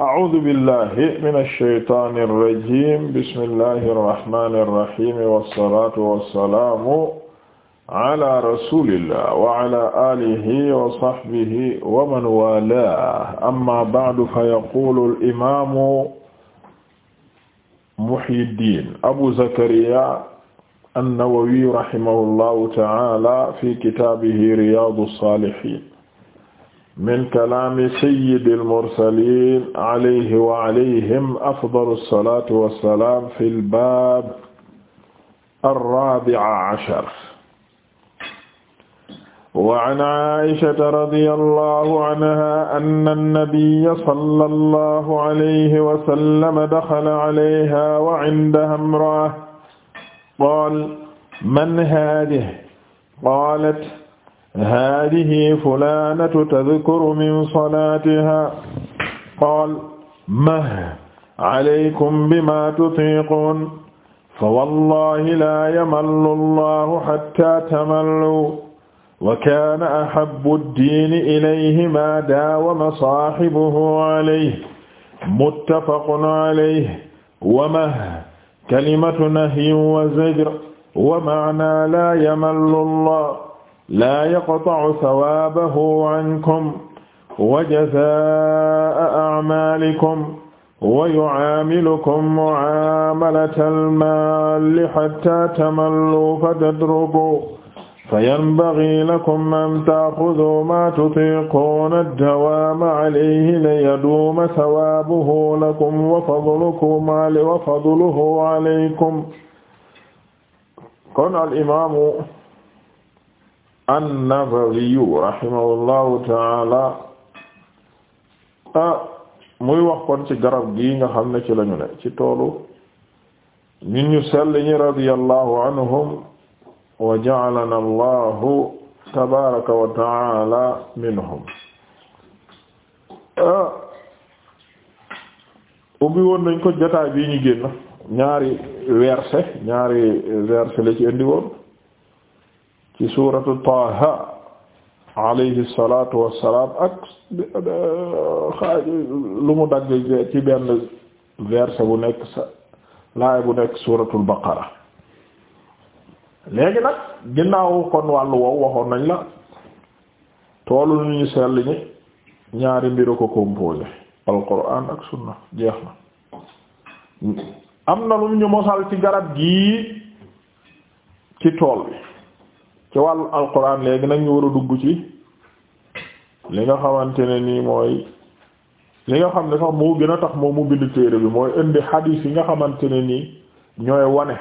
أعوذ بالله من الشيطان الرجيم بسم الله الرحمن الرحيم والصلاة والسلام على رسول الله وعلى آله وصحبه ومن والاه أما بعد فيقول الإمام محي الدين أبو زكريا النووي رحمه الله تعالى في كتابه رياض الصالحين min kalaami sayyidil mursaliin alayhi wa alayhim afdalu salaatu wa salaam fil baab arraabi'a ashar. wa an Aa'ishata radiyallaahu anhaa anna nabiyya sallallaahu alayhi wa sallam daxala alayhaa wa 'indahaa imra'a qaala man haadihi qaalat haadihi fulaanatu tadkuru min salaatiha qaal mah alaykum bimaa tutiiquun fa wallaahi laa yamallu allahu hattaa tamallu wa kaana ahabbu ddiini ilayhi maa daawama saahibuhu alayhi muttafaqun alayhi wa mah kalimatu nahyin wa zajr wa ma'naa laa yamallu allah laa yaqta'u sawaabahu ankum wa jazaa'a a'maalikum wa yu'aamilukum mu'aamalatal maal hattaa tamallu fatadruku fayanbaghii lakum an ta'khudhuu maa tutiiquuna ad-dawaama 'alayhi liyaduuma sawaabuhu lakum wa fadlukum 'alayhi wa fadluhu 'alaykum kon al-imaamu an-Nawawi rahimahullahu taala ah, muy wax kon ci garab gii nga xam ne ci lañu ne ci toolu ñun ñu sell ñi radiyallahu anhum wa ja'alana Allahu tabaaraka wa taala minhum ah, ubbi woon nañ ko jotaay bii ñu génn ñaari verset ñaari verset la ci indi woon ci suuratu Taaha alayhi salaatu wa salaam ak xaaj dagg ci benn verset bu nekk sa laay bu nekk suuratul baqara léegi nag ginnaaw kon wàllu wow waxoon nañ la toolu nu ñu sell ñi ñaari mbiru ko composé alquran ak sunna jeex na am na lu ñu mosal ci garab gii ci tool ci wàllu alquran léegi nag ñu war a dugg ci li nga xamante ne nii mooy li nga xam ne sax moo gën a tax moom mu bind téere bi mooy indi xadiis yi nga xamante ne nii ñooy wane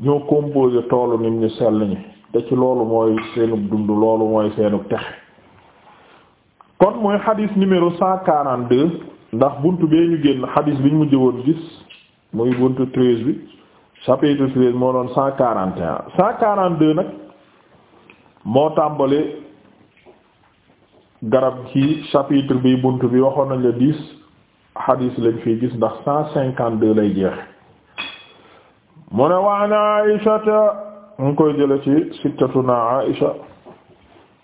ñoo composé toolu nit ñu sell ñi te ci loolu mooy seenu dund loolu mooy seenu texe kon mooy xadiis numéro cent quarante deux ndax bunt bee ñu génn xadiis bi ñu mujj woon gis muy buntu treize bi chapitre treize moo doon cent quarante et un cent quarante deux nag moo tàmbali garab ci chapitre bi bunt bi waxoon nañ la dix hadith lañ fi gis ndax cent cinquante deux lay jeex mu ne waan Aïsha mu koy jële ci sittatuna Aïsha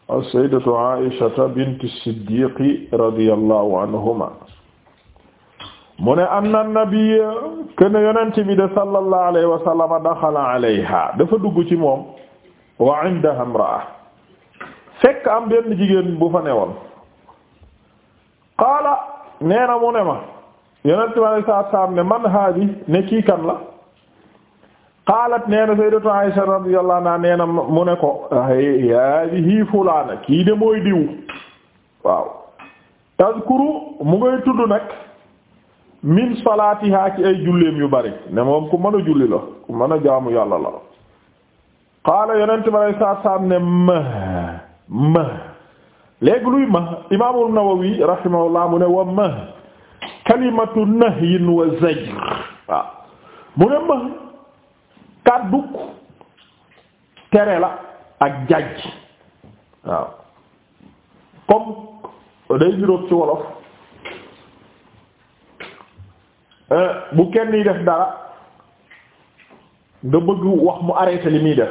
as-sayyidatu Aïsha bint as-Siddiq radiyallahu anhuma mu ne anna nabiyya ken yonent bi de sallallahu alayhi wa sallam alayha dafa dugg ci moom wa indaha imra'a fekk am benn jigéen bu fa newoon qaala nee na mu ne ma yonent bi alayhi salaam ne man haadi ne kii kan la qaalat nee na sayyidatu Aisha radiyallahu anha nee na mu ne ko haadihi fulaana kii de mooy diw waaw tazkuru mu ngay tudd nag min salaatiha ci ay julleem yu bari ne moom ku mën a julli la ku mën a jaamu yàlla la qaala yonent bi alay saat ne ma ma léegi luy ma imaamul Nawawi rahimahullah mu ne wa ma kalimatu nahyin wa zajr waaw mu ne ma kàdduk tere la ak jaj waaw comme day juróom ci wolof Euh, bu kenn yi def dara nga bëgg wax mu arrêté li muy def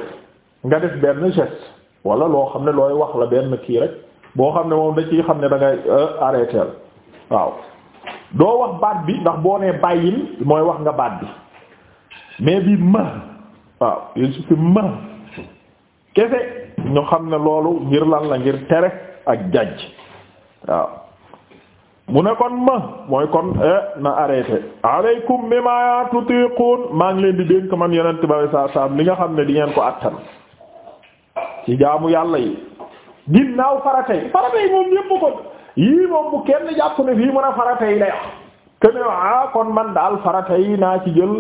nga def benn geste wala loo xam ne looy wax la benn kii rek boo xam ne moom da ciy xam ne dangay ngay euh, arrêté waaw doo wax baat bi ndax boo nee bàyyil mooy wax nga baat bi mais bi ma waaw il suffit ma kese ñu xam ne loolu ngir lan la ngir tere ak jajj waaw mu ne kon ma mooy kon eh, na arrêté aleykum mimma tutiqun maa ngi leen di dénk man yonent bale saa saam li nga xam ne di ngeen ko attan ci jaamu yàlla yi ginnaaw farata yi farata yi moom ñépp ko yii moom bu kenn jàpp ne fii mën a farata yi lay wax te ne ah, kon man daal farata yi naa ci jël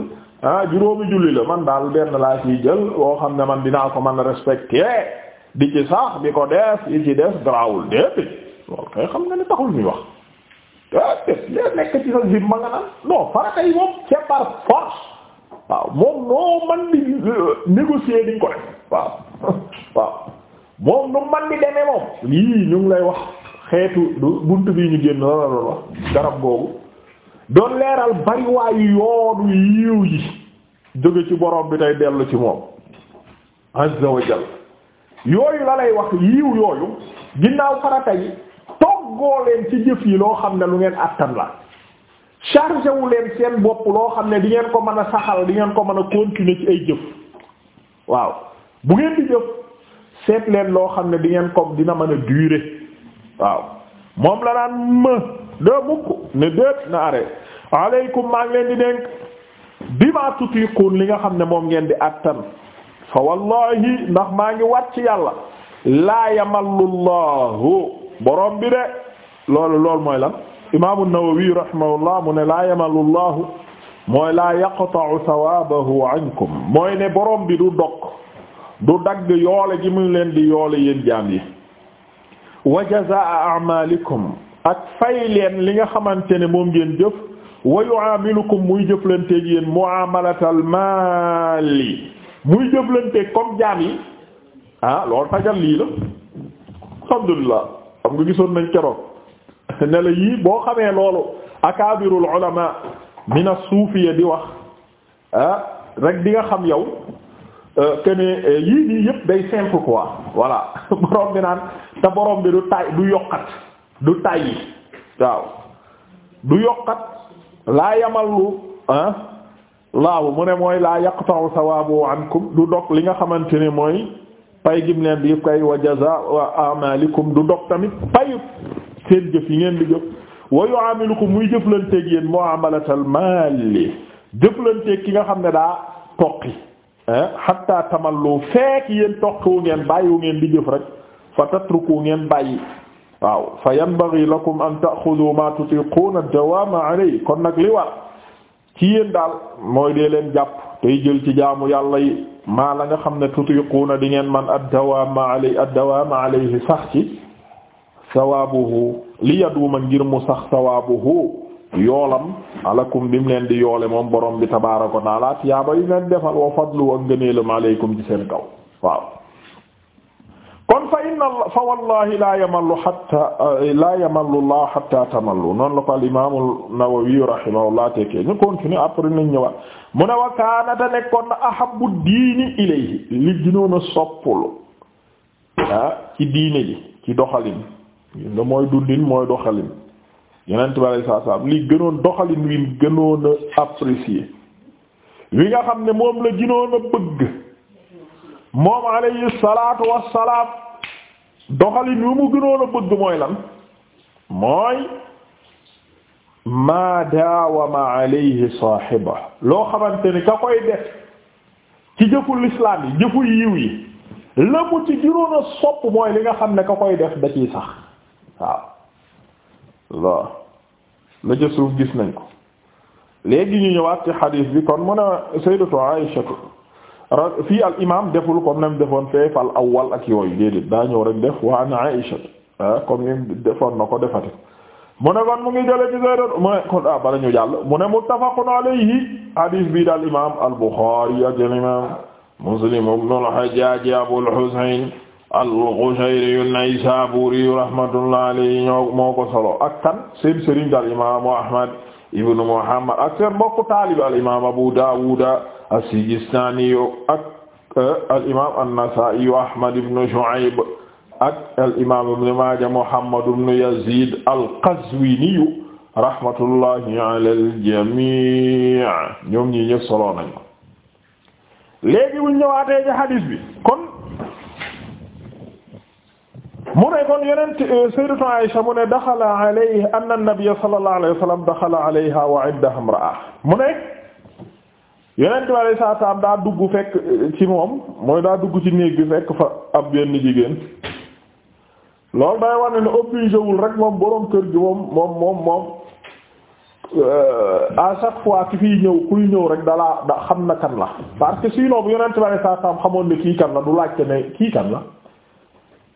ah juróomi julli la man daal benn laa ciy jël boo xam ne man dinaa ko mën a respecté di ci sax di ko def yi ci def grawul déedéet loolu xam nga ne taxul muy wax ah nekk ci sa zim ma nga naan non farata yi moom c'est par force waaw moom noo man di euh, négocier di ko def waaw waaw moom nu man di demee moom lii ñu ngi lay wax xeetu du bunt bii ñu génn la la garab googu doon leeral bariwaayu yoonu yiw yi jóge ci boroom bi tey dellu ci moom azza wa jalla yooyu la lay wax yiw yooyu ginnaaw farata yi fagoo leen ci jëf yi loo xam ne lu ngeen attan la chargé wu leen seen bopp loo xam ne di ngeen ko mën a saxal di ngeen ko mën a continuer ci ay jëf waaw bu ngeen di jëf seet leen loo xam ne di ngeen ko dina mën a durer waaw moom la naan më de mukk ne déet na are aleykum maa ngi leen di dénk bi ma tutiquun li nga xam ne moom ngeen di attan fa wallahi ndax maa ngi wat ci yàlla laa yamallu llahu bi de loolu loolu mooy lan imaamu Nawawi rahimahullah mu ne laa yamalu llahu mooy laa yaqta'u thawabahu ankum mooy ne borom bi du dog du dagg yoole gi mu leen di yoole yéen jaam yi wa jazaa a'malikum ak fay leen li nga xamante ne moom ngeen jëf wa yu'amilukum muy jëflanteeg yéen mu'amalatal maali muy jëflanteeg comme jaam yi ah loolu tajal lii la alhamdulillah xam nga gisoon nañ ne la yii boo xamee loolu akaabirul ulama min as-suufiyya di wax ah di nga xam yow euh, que ne euh, yii nii yëpp day simple quoi voilà borom bi naan te borom bi du tay du yokkat du tayyi waaw du yokkat laa yamallu ah laaw mu ne mooy laa yaqta'u sawaabu ankum du dog li nga xamante ne mooy pay gim leen di yëpp wa jazaa amaalikum du dog tamit payut seen jëf yi ngeen di jëf wa yu'amilukum muy jëflanteeg yéen li maali jëflanteeg ki nga xam ne daa toqi hatta tamallu fekk yéen toqiwu ngeen bàyyiwu ngeen di jëf rek fa tatruku ngeen bàyyi waaw fa yanbaghi lakum an ta'khudhu ma tutiquna dawama alayhi kon nag li war ci yéen daal mooy dee leen jàpp tey jël ci jaamu yàlla yi maa la nga xam ne tutiquuna di ngeen man ad-dawaama alayhi ad sax ci sawaabuhu li yaduuma ngir mu sax sawaabuhu yoolam alakum bi mu leen di yoole moom borom bi tabaaraka wa taala tiyaaba yu defal wa fadlu wa ngëneelam aleykum ci seen kaw kon fa inna fa wallahi la yamallu hatta la yamallu allah hatta tamallu noonu la ko al imam nawawi rahimahullah tekkee ñu continuer après nañ ñëwaat mu ne wa kaanata nekkoon na ahabbu diini ilayhi li gënoon soppulu ah, ci diine ji ci doxalin nga mooy dundin mooy doxalin yeneen tubaab saa saa li gënoon doxalin wi gënoon a yi wi nga xam ne moom la gënoon a bëgg moom alayhi salaatu wassalaam doxalin wi mu gënoon bëgg mooy lan mooy ma daawama alayhi saahiba loo xamante ni ka koy def ci jëfu lislaam yi jëfu yiw yi la mu ci gënoon sopp mooy li nga xam ne ka koy def da ciy sax waaw lool la ca suuf gis nañ ko léegi ñu ñëwaat ci xadiis bi kon mun a sayyidatu Aisha fii al imaam deful comme nam defoon fee fa al awwal ak yooyu déedéet daa ñëw rek def wa an Aisha comme ni defoon na ko defati mu ne kon mu ngi jële ci sayyidatu mu ne kon ah bala ñu jàll mu ne muttafaqun alayhi xadiis bi daal imaam al Buxaari ak al imaam Muslim ibn al Hajjaaj Abul Husayn al-Qushayri an-Naysaburi rahmatullahi alayhi ñoo moo ko solo ak tan seen sëriñ daal imaamu Ahmad ibn Muhammad ak seen mbokku taalib al imaam Abu Dawud as-Sijistani ak eh, al imaam an-Nasa'i Ahmad ibn Shu'ayb ak al imaam ibn Maaja Muhammad ibn Yazid al-Qazwini rahmatullahi ala al-jamii' ñoom ñi ñëpp solo nañu léegi bu ñëwaatee ci hadith bi kon kon yeneen euh, sayyidatu Aisha mu ne daxala alayhi anna nabiyya sallallahu alayhi wa sallam daxala wa indaha imra'a mu ne yeneen tubaab daa dugg fekk euh, ci moom mooy daa dugg ci néeg bi fekk fa ab benn jigéen loolu day wane ne obligé wul rek moom boroom kër gi moom moom moom euh, à chaque fois ki fiy ñëw kuy ñëw rek dalaa da xam na kan la parce que sinon bu yonent bi sallallahu alayhi wasallam xamoon ne kii kan la du laajte ne kii kan la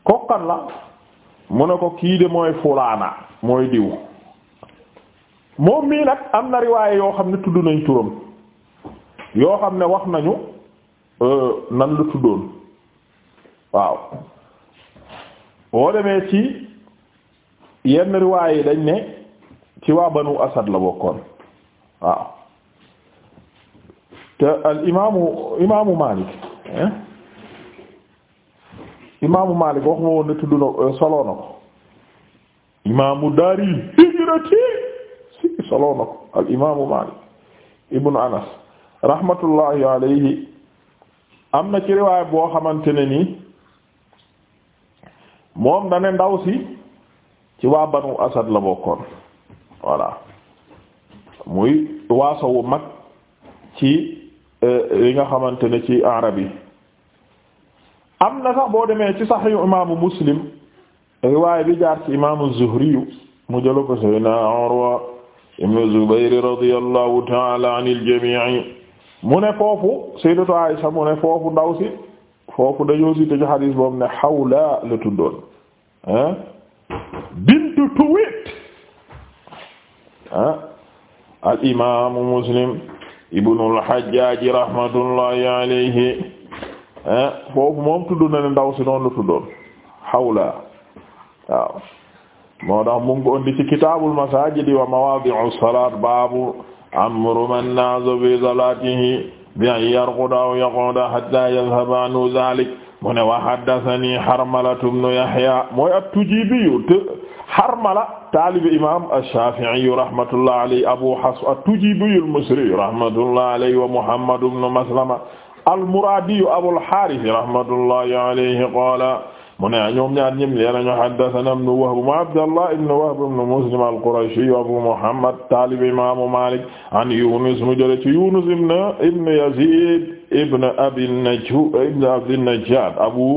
kooku kan la mu ne ko kii de mooy fulaana mooy diw moom mii nag am na riwaaye yoo xam ne tudd nañ turam yoo xam ne wax nañu euh, nan la tuddoon waaw boo demee ci yenn riwaaye dañ ne ci waa banu asad la bokkoon waaw te al imaamu imaamu Maalik imaamu Maalik wax ma woon ne tudd na euh, soloo na ko imaamu daari hijrati si soloo na ko al imaamu Maalik ibnu Anas rahmatullahi alayhi am na ci riwaay boo xamante ne nii moom dane ndaw si ci waa Banu Asad la bokkoon voilà muy waaso wu mag ci euh, li nga xamante ne ci arab yi am na sax boo demee ci saxiixu imaamu muslim riwaaya bi jaar ci imaamu zuhriyu mu jëlo ko sayna urwa ibnu zubayr radiyallahu ta'ala anil jamii mu ne foofu sayyidatu aisha mu ne foofu ndaw si foofu dañoo cité ci xadiis boobu ne xawla la tuddoon ah bintu tuwit ah al imaamu muslim ibnu al hajjaaj rahmatullahi alayhi Eh? foofu moom tudd na ne ndaw si noonu la tuddoon xawla waaw moo tax mu ngi ko indi ci kitaabul masaajidi wa mawaadi'u salaat baabu amru man naaza fi salaatihi bi an yarquda aw yaquda hatta yadhhaba anhu zaalik mu ne wa haddathanii Harmalatu bnu Yahya mooy at-Tujiibi te Harmala taalibi imaam ash-Shaafi'i rahmatullahi alayhi Abu Hafs at-Tujiibi al-Misri rahmatullahi alayhi wa Muhammad ibnu Maslama almuraadiyu abul haaris rahmatullahi alayhi qaala mu ne ñoom ñaar ñim leenañu haddathana ibnu wahb mu abdallah ibnu wahb ibnu muslim al-qurashiyu abu muhammad taalib imaamu maalik an yunus mu jële ci yunus ibnu ibnu yazid ibnu abi najhu ibnu abi najjaad abu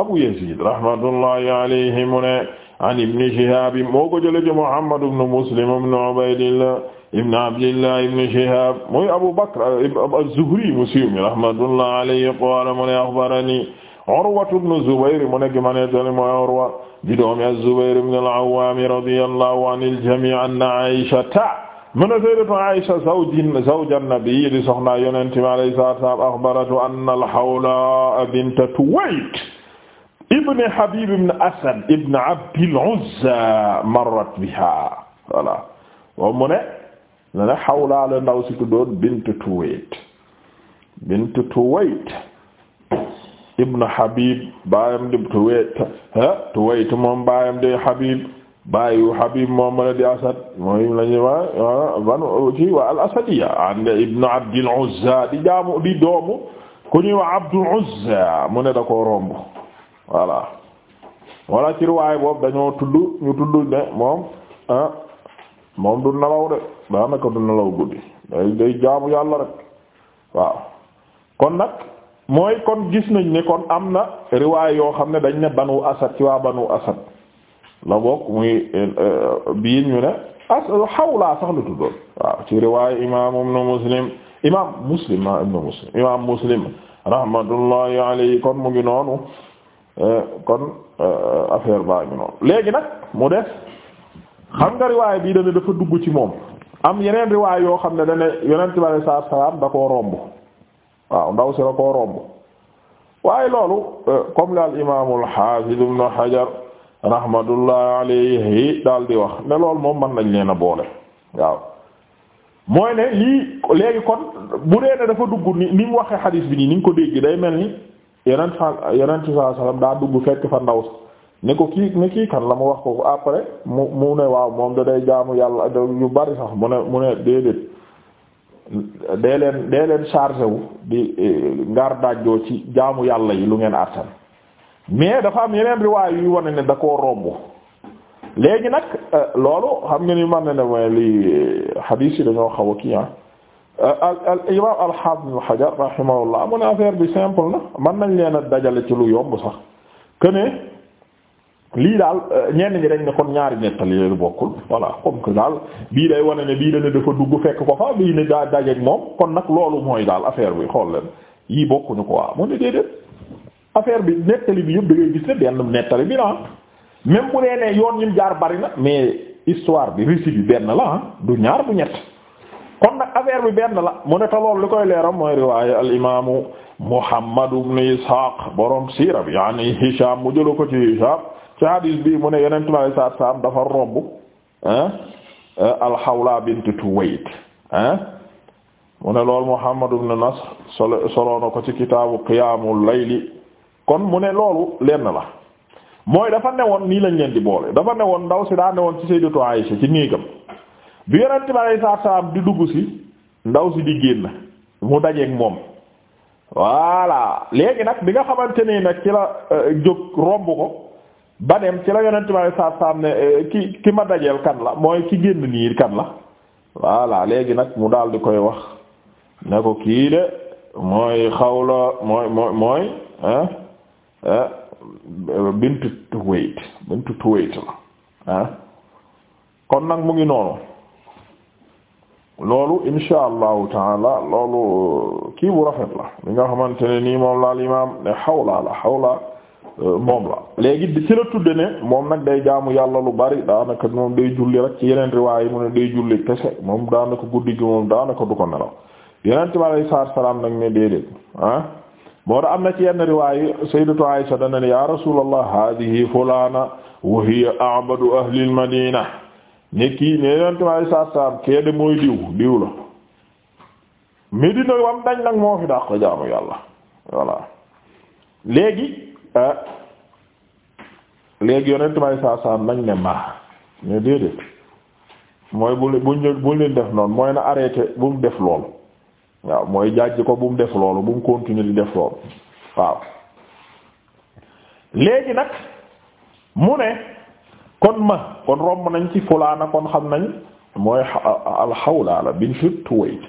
abu yazid rahmatullahi alayhi mu ne an ibnu shihaab moo ko jële ci muhammad ibnu muslim ibnu ubaydillah ibn Abdillah ibn Shihab muy Abu Bakr az-Zuhri mu siiw mi rahmatullah alayhi qaala mu ne axbarani Urwatu ibn Zubayr mu nekk ma ne tali mooy Urwa di doomi az-Zubayr ibn al-Awwam radiyallahu anil jamii' anna Aisha mu ne sayyidatu Aisha zawjin zawj an-nabi di soxna Yonent bi alayhi salaatu wa salaam axbaratu anna al-Hawla bint Tuwayt ibn Habib ibn Asad ibn Abdil Uzza marrat biha voilà ne ne Xawlaa la ndaw si tuddoon bint Tuwayt bint Tuwayt ibn Habib baayam di Tuwayt Tuwayt moom baayam di Habib baayu Habib moom la di Asad mooy la ñuy ah, waa banu Abdil Uzza di doomu ku ñuy wax Abdul Uzza mu ne da koo romb wala ci riwaay boobu dañoo tudd ñu tudd ne moom ah, moom du nalaw de. daanaka du nelaw guddi day day jaamu yàlla rek waaw kon nag mooy kon gis nañ ne kon am na riwaay yoo xam ne dañ ne banu asad ci waa banu asad la bokk muy euh, biin ñu ne as xawlaa sax lu tuddoon waaw ci riwaay imaam muslim imaam muslim ah ibnu muslim imaam muslim rahmatullahi alayhi kon mu ngi noonu euh, kon euh, affaire baa ngi noonu léegi nag mu def xam nga riwaay bii dana dafa dugg ci moom am yeneen riwaay yoo xam ne dane yeneen bi alei sa salaam da koo romb waaw ndaw si da koo romb waaye loolu comme la al imaamu al xaafid ibnu Hajar rahmatullah alayhi daal di wax ne loolu moom mën nañ leen a boole waaw mooy ne lii léegi kon bu dee ne dafa dugg ni ni mu waxee xadiis bi nii ni ko dégg day mel ni yeneen fa yeneen bi sallallahu alayhi wasallam daa dugg fekk fa ndaw ne ko kii ne kii kan la mu wax ko après mu mu ne waaw moom da day jaamu yàlla yu bari sax mu ne mu ne déedéet dee leen dee leen chargé wu di e, ngaar dajjoo ci jaamu yàlla yi lu ngeen artan mais dafa am yeneen riwaay yuy wane ne da ko romb léegi nag e, loolu xam nga ni man ne ne mooy lii e, xadiis yi dañoo xaw a kii ah al al imaam al-Haafiz Ibn Hajar rahimahullah mu ne affaire bi simple na mën nañ leen a dajale ci lu yomb sax que lii daal euh, ñenn ñi dañ kon ñaari nettali leen bokkul voilà comme que daal bii day wane ne bii dana dafa dugg fekk ko fa bii ne daa dajeeg moom kon nag loolu mooy daal affaire bi xool leen yii bokkuñu quoi mu ne déedéet affaire bi nettali bi yëpp da ngay gis ne benn nettali bi la même bu dee ne yoon ñim jaar bari na mais histoire bi récit bi benn la ah du ñaar bu ñett kon nag affaire bi benn la mu ne te loolu li koy leeram mooy riwaaye al imaamu Muhammad ko ci hadis bi mu ne yonent bi alayhi salaatu salaam dafa romb euh, al-Hawla bint Tuwayd mu ne loolu Muhammad ibn Nasr solo solo na ko ci kitaabu qiyaamul layli kon mu ne loolu lenn la mooy dafa newoon nii lañ leen di boole dafa newoon ndaw si daa newoon ci Sayyidatu Aisha ci néegam bi yonent bi alayhi salaatu salaam di dugg si ndaw si di génn mu dajeek moom voilà léegi nag bi nga xamante ne nag ci la euh, jóg romb ko. ba ci la yonent bi saa saam ne eh, ki ki ma dajeel kan la mooy ki génn nii kan la voilà léegi nag mu daal di koy wax ne ko kii de mooy xawla mooy mooy mooy ah ah bintu Tuwayt bintu Tuwayt la ah kon nag mu ngi noonu loolu insha allahu taala loolu kii bu rafet la li nga xamante ne ni moom laal imaam ne xaw la xawla. moom la léegi ci la tudd ne moom nag day jaamu yàlla lu bari daanaka moom day julli rek ci yeneen riwaay yi mu ne day julli kese moom daanaka guddi gi moom daanaka du ko nelaw yeneen bi alay salaam nag ne déedéet ah moo tax am na ci yenn riwaay sayyidatu Aisha dana ne ya rasulallah hadihi fulana wa a'badu ahli al-madina ne kii ne yeneen bi alay salaam kee de mooy diw diw la Medina wam dañ nag moo fi dàq jaamu yàlla voilà léegi Euh, léegi yonent may saasaan nañ ne ma mais déedéet mooy bu buñ buñ leen def noonu mooy na arrêté bu mu def loolu waaw mooy jàjj ko bu mu def loolu bu mu continuer di def loolu waaw léegi nag mu ne kon ma kon romb nañ ci fulaana kon xam nañ mooy alxawlaala bintu Tuwayd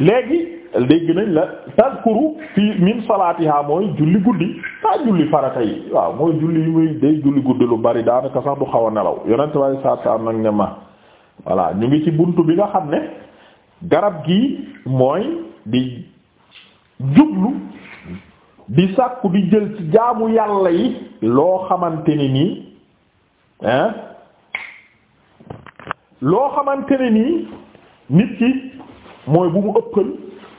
léegi dégg nañ la tazkuru fii min salaatiha mooy julli guddi taa julli farata yi waaw mooy julli yi muy day julli guddi lu bari daanaka sax du xaw a nelaw yonent waaye saa saa nag ne ma voilà ñu ngi ci bunt bi nga xam ne garab gi mooy di jublu di sàkku di jël ci jaamu yàlla yi loo xamante ni nii loo xamante ni nii nit ki mooy bu mu ëppal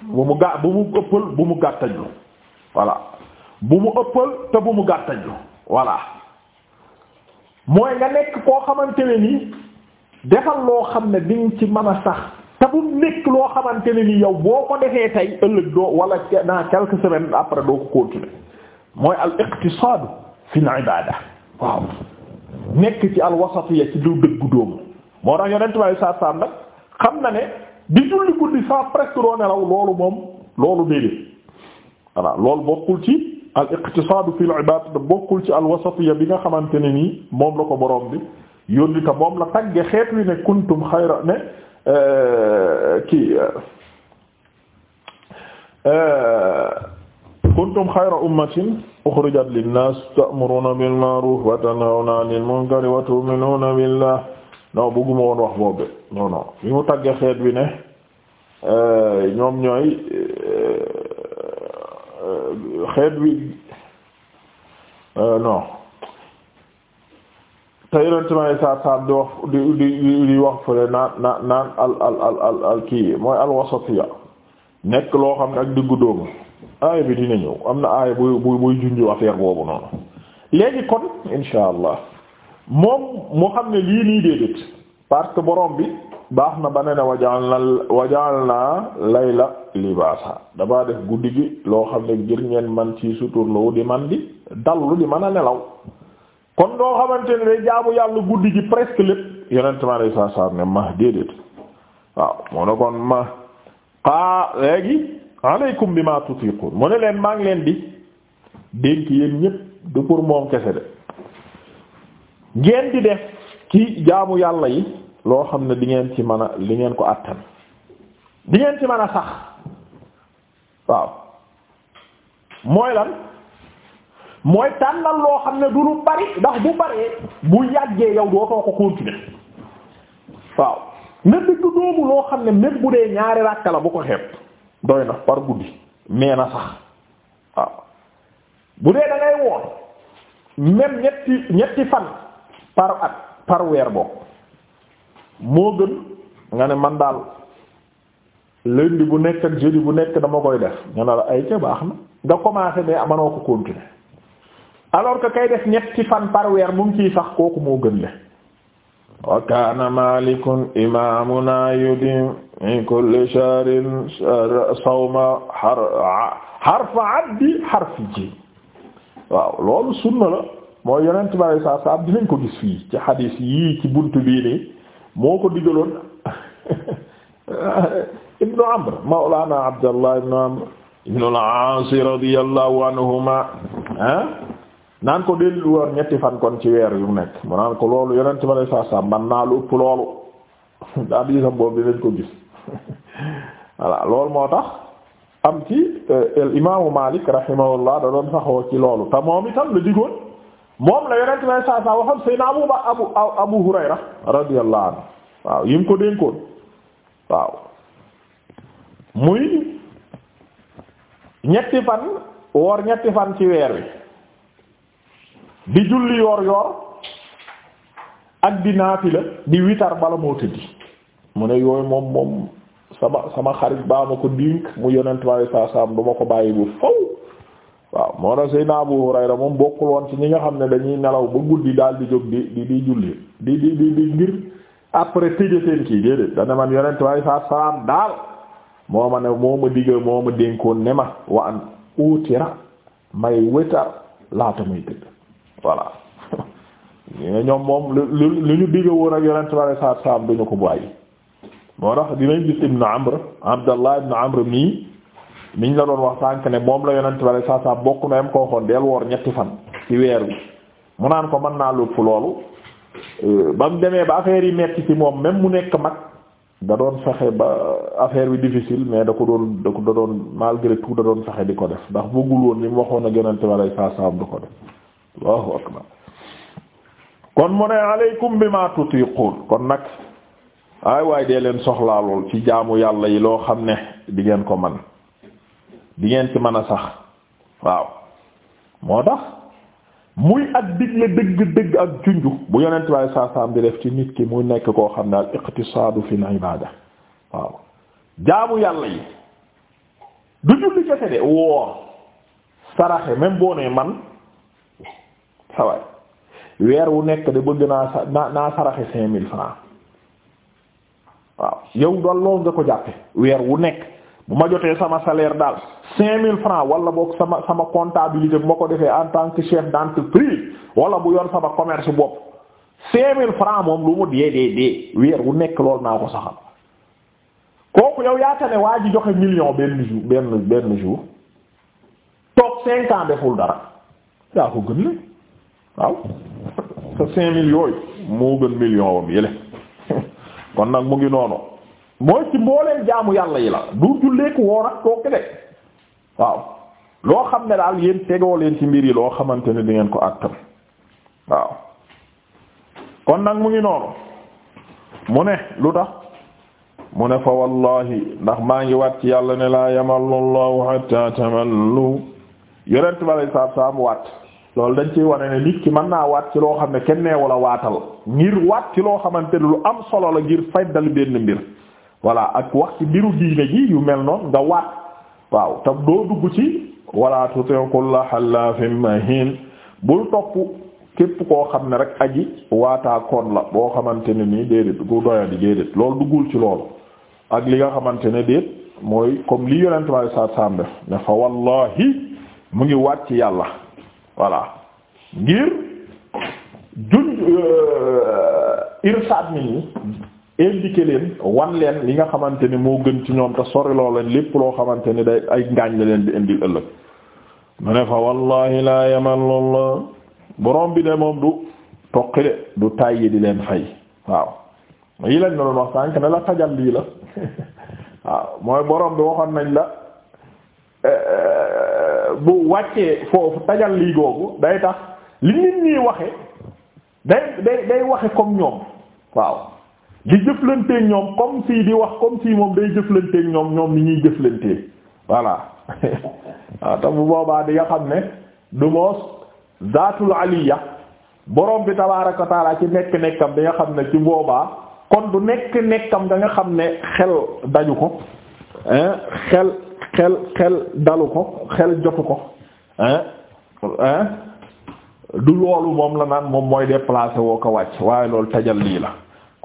bu mu ga bu mu ëppal bu mu gàttajlu voilà bu mu ëppal te bu mu gàttajlu voilà mooy nga nekk koo xamante ne ni defal loo xam ne diñ ci mën a sax te bu nekk loo xamante ne ni yow boo ko defee tey ëllëg doo wala dans quelques semaines après doo ko continuer mooy al iqtisaad fi al ibaada waaw nekk ci al wasatiya ci du dëggu dóomu moo tax yonent bi sallallahu nag xam na ne di julli guddi sans presque doo nelaw loolu moom loolu déedéet voilà loolu bokkul ci al iqtisaadu fil ibaada bokkul ci al wasatiya bi nga xamante ne nii moom la ko borom bi yónni te moom la tagge xeet wi ne kuntum xayra ne euh, kii euh, kuntum xayra ummatin uxrijat linnaas ta'muruuna bil ma'ruuf wa tanhawna 'anil munkari wa tu'minuuna billah non bëgguma woon wax boobu non bi mu tagge xeet bi ne euh, ñoom ñooy euh, xeet bi euh, non te yonent may saat saat di wax di di di wax fële naan naan naan al al al al kii mooy al wasatiya nekk loo xam ne ak diggu dóomu aaya bi dina ñëw am na aaya buy buy buy junju affaire boobu noonu léegi kon insha allah moom mu xam ne lii nii déedéet parce que borom bi baax na ba na ne waja'alna waja'alna layla libaasa dafa def guddi gi loo xam ne ngir ngeen man ci suturloo di man di dallu di mën a nelaw kon loo xamante ne day jaamu yàlla guddi gi presque lépp yonent ma lay saa saa ne ma déedéet waaw moo ne kon ma xaa léegi aleykum bi ma tutiqun mu ne leen maa ngi leen di dénk yéen ñépp du pour moom kese de ngeen di def ki jaamu yàlla yi loo xam ne dingeen ci mën a li ngeen ko attan di ci mën a sax waaw mooy lan mooy tànnal loo xam ne du lu bari ndax bu baree bu yàggee yow dootoo ko continuer waaw na digg doomu loo xam ne même bu dee ñaari ràkka la bu ko xeeb doy na par guddi mee na sax waaw bu dee da ngay woor ñetti ñetti fan par at par weer bokk moo gën nga ne man daal lundi bu nekk ak jeudi bu nekk dama koy def nga ne la ay ca baax na nga commencé mais amanoo ko continuer alors que kay def ñetti fan par weer mu ngi sax kooku moo gën le wa kaana malikun imamuna yudim min kulli shahrin sawma xar xarfa addi xarfi ji waaw loolu sunna la moo yonent bi alei saa salaam dinañ ko gis fii ci xadiis yii ci bunt bii nii moo ko digaloon ibnu amr mawlana abdallah ibnu amr ibnu al-aas anhuma ah naan ko dellu woon ñetti fan kon ci weer yu nekk mu naan ko loolu yonent bi alei saa salaam man naa lu ëpp loolu hadiisam boobu dinañ ko gis voilà loolu moo tax am ci el euh, imaamu Maalik rahimahullah da doon saxoo ci loolu te moom la digoon moom la yonent may saa saa waxam sayna abu ba abu abu hurayra radiyallahu anhu waaw yi mu ko dénkoon waaw muy ñetti fan woor ñetti fan ci weer wi di julli yoor yoor ak di la di witar bala moo tëddi mu ne yooyu moom moom sama sama xarit baa ma ko dénk mu yonent may saa saa ko bàyyi bu faw waaw moo tax Seydina Abu Hurayra moom bokkul woon ci ñi nga xam ne dañuy nelaw ba guddi daal di jóg di di di julli di di di di ngir après tëjee seen kii déedéet dana man yonent waaye saa salaam daal moo ma ne moo ma digga moo ma dénkoon ne ma wa an uutira may wétar laata muy tëdd voilà ñoom moom lu lu ñu digga woon ak yonent waaye saa salaam duñu ko bàyyi moo tax dinañ gis Ibn Amr Abdallah Ibn Amr mii niñ la doon wax sànk ne moom la yonent bale saa saa bokk na yam ko waxoon del woor ñetti fan ci weer wi mu naan ko man naa lëpp loolu euh, ba mu demee ba affaire yi nekk ci moom même mu nekk mag da doon fexe ba affaire bi difficile mais da ko doon da ko da doon malgré tout da doon fexe di ko def ndax bëggul woon li mu waxoon ak yonent bale saa saa du ko def kon mu ne aleykum bi ma tutiqun kon nag ay waay dee leen soxlaa lool ci jaamu yàlla yi loo xam ne di ngeen ko man di ngeen ci mën a sax waaw moo tax muy ak digle dëgg-dëgg ak junju bu yonent waaye saasaam di def ci nit ki mu nekk koo xam ne al iqtisaadu fii al ibaada waaw jaamu yàlla yi du julli kese de woor saraxe même boo nee man saway weer wu nekk de bëgg naa sa naa saraxe cinq mille francs waaw yow doon loolu nga ko jàppe weer wu nekk bu ma jotee sama salaire daal cinq mille francs wala boog sama sama comptabilité bu ma ko defee en tant que chef d'entreprise wala bu yoon sama commerce bopp cinq mille francs moom lu mu dee dee dee weer wu nekk loolu naa ko saxal kooku yow yaakaar ne waa ji joxe million benn jour benn benn jour toog cinq ans deful dara yaa ko gën le waaw sa cinq mille yooyu moo gën million wam yële kon nag mu ngi noonu mooy ci mbooleen jaamu yàlla yi la du julleeku woor ak toog de waaw loo xam ne daal yéen tegoo leen ci mbir yi loo xamante ne di ngeen ko àttan waaw kon nag mu ngi noonu mu ne lu tax mu ne fa wallahi ndax maa ngi waat ci yàlla ne laa yamallu allahu hatta tamallu yonent ba lay saab saab waat loolu dañ ciy wane ne nit ki mën naa waat ci loo xam ne kenn neewu la waatal ngir waat ci loo xamante ne lu am solo la ngir faydal benn mbir voilà ak wax ci mbiru diine ji yu mel noonu nga waat waaw te doo dugg ci wala tuti' kulla hallafin mahin bul topp képp koo xam ne rek aji waataa koon la boo xamante ne nii déedéet gu doya déedéet loolu duggul ci loolu ak li nga xamante ne déet mooy comme li yonent ma saa saam ne fa wallahi mu ngi waat ci yàlla voilà ngir euh, irsaad nit ñi indiqué leen wan leen li nga xamante ni moo gën ci ñoom te soriloo leen lépp loo xamante ni day ay ngaañ la leen di indil ëllëg mu ne fa wallahi laa yamalullah borom bi de moom du toqi de du tàyyi di leen fay waaw yi lañ doon wax sànk ne la tajal lii la waaw mooy borom bi waxoon nañ la eh, eh, bu wàccee foofu tajal lii googu day tax li nit ñi waxe day day day waxe comme ñoom waaw di jëflanteeg ñoom comme si di wax comme si moom day jëflanteeg ñoom ñoom ni ñuy jëflantee voilà waaw ah, te boobaa di nga xam ne du moos daatul aliya borom bi tabaaraka wa taala ci nekk nekkam di nga xam ne ci boobaa kon du nekk nekkam da nga xam ne xel daju ko xel xel xel dalu ko xel jotu ko du loolu moom la naan moom mooy déplacé woo ko wàcc waaye loolu tajal lii la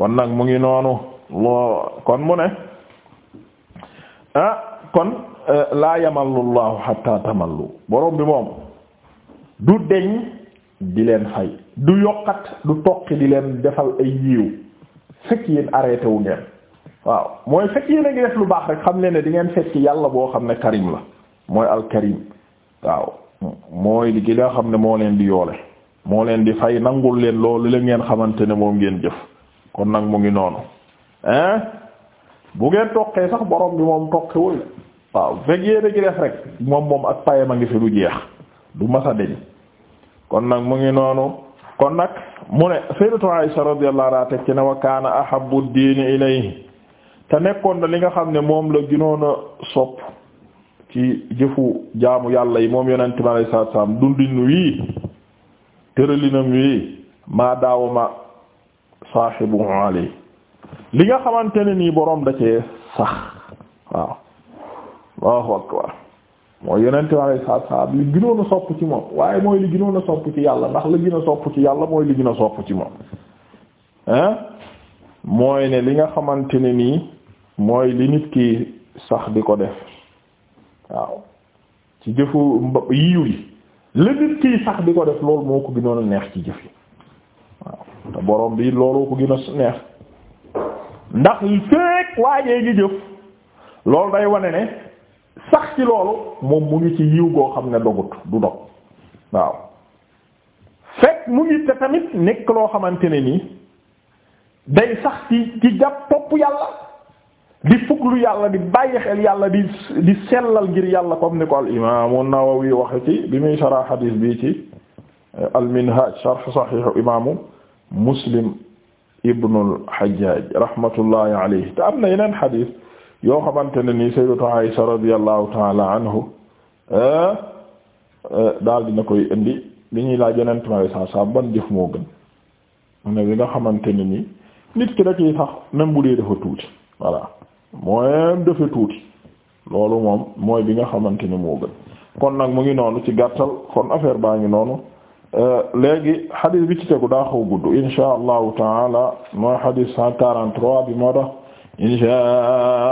kon nag mu ngi noonu loo kon mu ne ah kon euh, laa yamallu llahu hatta tamallu borom bi moom du deñ di leen fay du yokkat du toqi di leen defal ay yiiw fekk yéen arrêté wu ngeen waaw mooy fekk yéen a ngi lu baax rek xam ne ne di ngeen fekk yàlla boo xam ne karim la mooy alkarim waaw mooy li nga xam ne moo leen di yoole moo leen di fay nangul leen loolu la ngeen xamante ne moom ngeen jëf kon nag mu ngi noonu hein bu ngeen toqee sax borom bi moom toqewul waaw fekk yéene gi def rek moom moom ak payam a ngi fi lu jeex du masa deñ kon nag mu ngi noonu kon nag mu ne sayyidatu Aisha radiyallahu anha teg ci ne wa kaana ahabbu diini ilayhi te nekkoon na li nga xam ne moom la gënoon a sopp ci jëfu jaamu yàlla yi moom yonente bi alayhi salaatu salaam dundin wii tëralinam wii maa daawama saahibu alayhi li nga xamante ne nii boroom da cee sax waaw Allahu akbar mooy yonente bi alei saatu salam li gënoon a sopp ci moom waaye mooy li gënoon a sopp ci yàlla ndax la gën a sopp ci yàlla mooy li gën a sopp ci moom hein mooy ne li nga xamante ne nii mooy li nit ki sax di ko def waaw ci jëfu yiw yi li nit ki sax di ko def loolu moo ko gënoon a neex ci jëf borom bi looloo ko gën a neex ndax fekk waajee ngi jëf loolu day wane ne sax ci loolu moom mu ngi ci yiw goo xam ne dogut du dog waaw fekk mu ngi te tamit nekk loo xamante ne nii day sax ci ci jàpp topp yàlla di fuglu yàlla di bàyyi xel yàlla di di sellal ngir yàlla comme ni ko al imaamu Nawawi waxe ci bi muy sarah hadis bi ci eh, al minhaj sharh sahih muslim ibnul hajjaj rahmatullahi alayhi te am na yeneen xadis yoo xamante ne nii sayyidatu Aisha radiyallahu taala anhu eh, eh, daal dina koy indi li ñuy laaj yeneen tamit saa saa ban jëf moo gën ne bi nga xamante ne nii nit ki da yi sax même bu dee dafa tuuti voilà mooy dafa tuuti loolu moom mooy bi nga xamante ni moo gën kon nag mu ngi noonu ci gàttal kon affaire baa ngi noonu. Euh, léegi xadis bi ci tegu daa xaw gudd insha allahu taala mooy xadis cent quarante-trois bi moo tax insha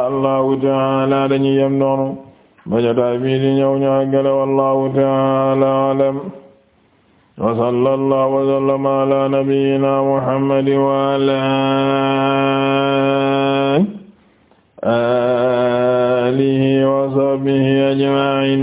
allahu taala dañuy yem noonu bajataay bii di ñëw ñu àggale wallahu taala alam wa sallallahu wa sallama ala nabiyyina muhammad wa ala alihi wa sahbihi ajma'in